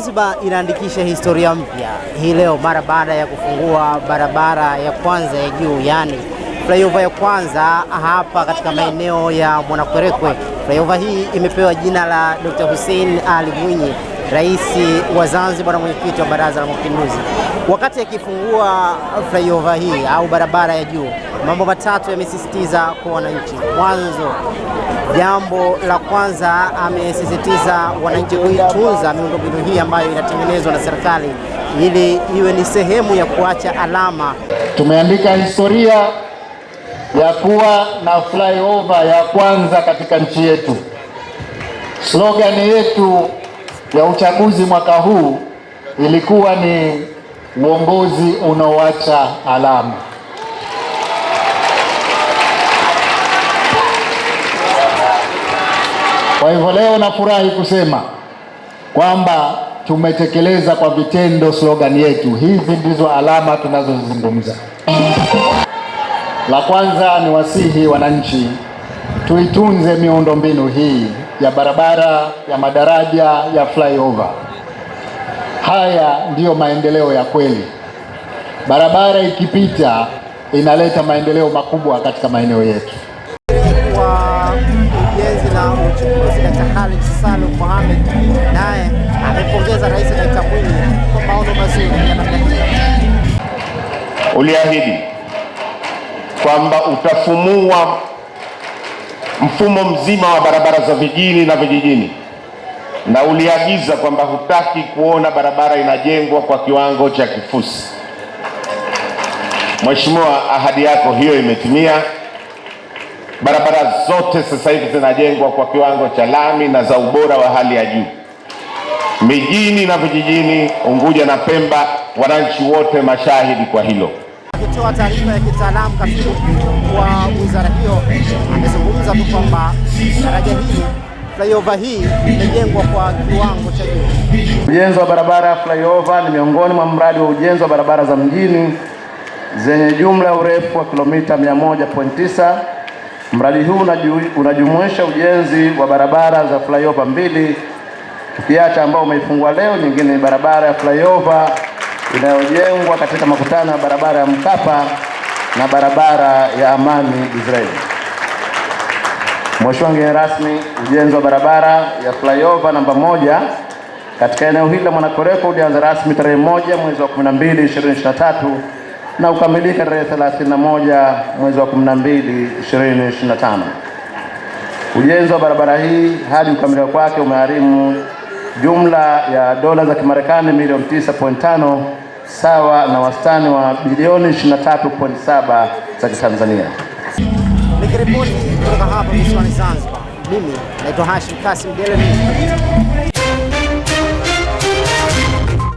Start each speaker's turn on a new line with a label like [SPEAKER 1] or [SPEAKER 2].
[SPEAKER 1] Zanzibar inaandikisha historia mpya hii leo mara baada ya kufungua barabara ya kwanza ya juu, yani flyover ya kwanza hapa katika maeneo ya Mwanakwerekwe. Flyover hii imepewa jina la Dr. Hussein Ali Mwinyi rais wa Zanzibar na mwenyekiti wa Baraza la Mapinduzi wakati akifungua flyover hii au barabara ya juu, mambo matatu yamesisitiza kwa wananchi. Mwanzo, jambo la kwanza amesisitiza wananchi kuitunza miundombinu hii ambayo inatengenezwa na serikali ili iwe ni sehemu ya kuacha alama.
[SPEAKER 2] Tumeandika historia ya kuwa na flyover ya kwanza katika nchi yetu. Slogan yetu ya uchaguzi mwaka huu ilikuwa ni uongozi unaoacha alama. Kwa hivyo leo nafurahi kusema kwamba tumetekeleza kwa vitendo slogan yetu. Hizi ndizo alama tunazozizungumza. La kwanza ni wasihi wananchi tuitunze miundombinu hii ya barabara, ya madaraja, ya flyover. Haya ndiyo maendeleo ya kweli. Barabara ikipita inaleta maendeleo makubwa katika maeneo yetu.
[SPEAKER 3] Wa ujenzi na uchukuzi Dkt. Khalid Salum Mohamed naye amepongeza Rais Dkt. Mwinyi kwa maono mazuri ya namna hiyo.
[SPEAKER 2] Uliahidi kwamba utafumua mfumo mzima wa barabara za vijini na vijijini, na uliagiza kwamba hutaki kuona barabara inajengwa kwa kiwango cha kifusi. Mheshimiwa, ahadi yako hiyo imetimia. Barabara zote sasa hivi zinajengwa kwa kiwango cha lami na za ubora wa hali ya juu mijini na vijijini, Unguja na Pemba. Wananchi wote mashahidi kwa hilo.
[SPEAKER 1] Kutoa taarifa ya kitaalamu katibu wa wizara hiyo amezungumza kueleza tu kwamba daraja hii flyover hii imejengwa kwa kiwango cha juu.
[SPEAKER 4] Ujenzi wa barabara ya flyover ni miongoni mwa mradi wa ujenzi wa barabara za mjini zenye jumla ya urefu wa kilomita 100.9. Mradi huu unajumuisha ujenzi wa barabara za flyover mbili, tukiacha ambao umeifungua leo, nyingine ni barabara ya flyover inayojengwa katika makutano ya barabara ya Mkapa na barabara ya Amani Israeli. Mheshimiwa mgeni rasmi, ujenzi wa barabara ya flyover namba moja katika eneo hili la Mwanakoreko ulianza rasmi tarehe moja mwezi wa 12 2023 na ukamilika tarehe 31 mwezi wa 12 2025. Ujenzi wa barabara hii hadi ukamilika kwake umegharimu jumla ya dola za Kimarekani milioni 9.5 sawa na wastani wa bilioni 23.7 za Kitanzania nikiripoti kutoka hapa visiwani Zanzibar, mimi naitwa Hashim Kasim Geleni.